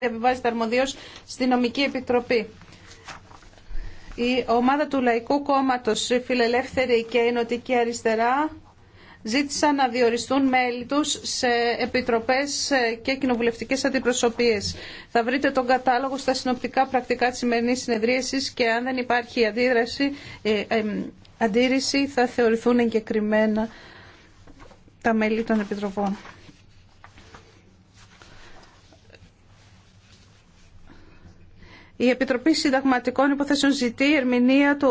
Επιβάζεται αρμοδίω στη νομική επιτροπή. Η ομάδα του Λαϊκού Κόμματος η Φιλελεύθερη και η Νοτική Αριστερά ζήτησαν να διοριστούν μέλη τους σε επιτροπές και κοινοβουλευτικέ αντιπροσωπείε. Θα βρείτε τον κατάλογο στα συνοπτικά πρακτικά της σημερινή συνεδρίασης και αν δεν υπάρχει αντίδραση, ε, αντίρρηση θα θεωρηθούν εγκεκριμένα τα μέλη των επιτροπών. Η Επιτροπή Συνταγματικών Υποθέσεων ζητεί ερμηνεία του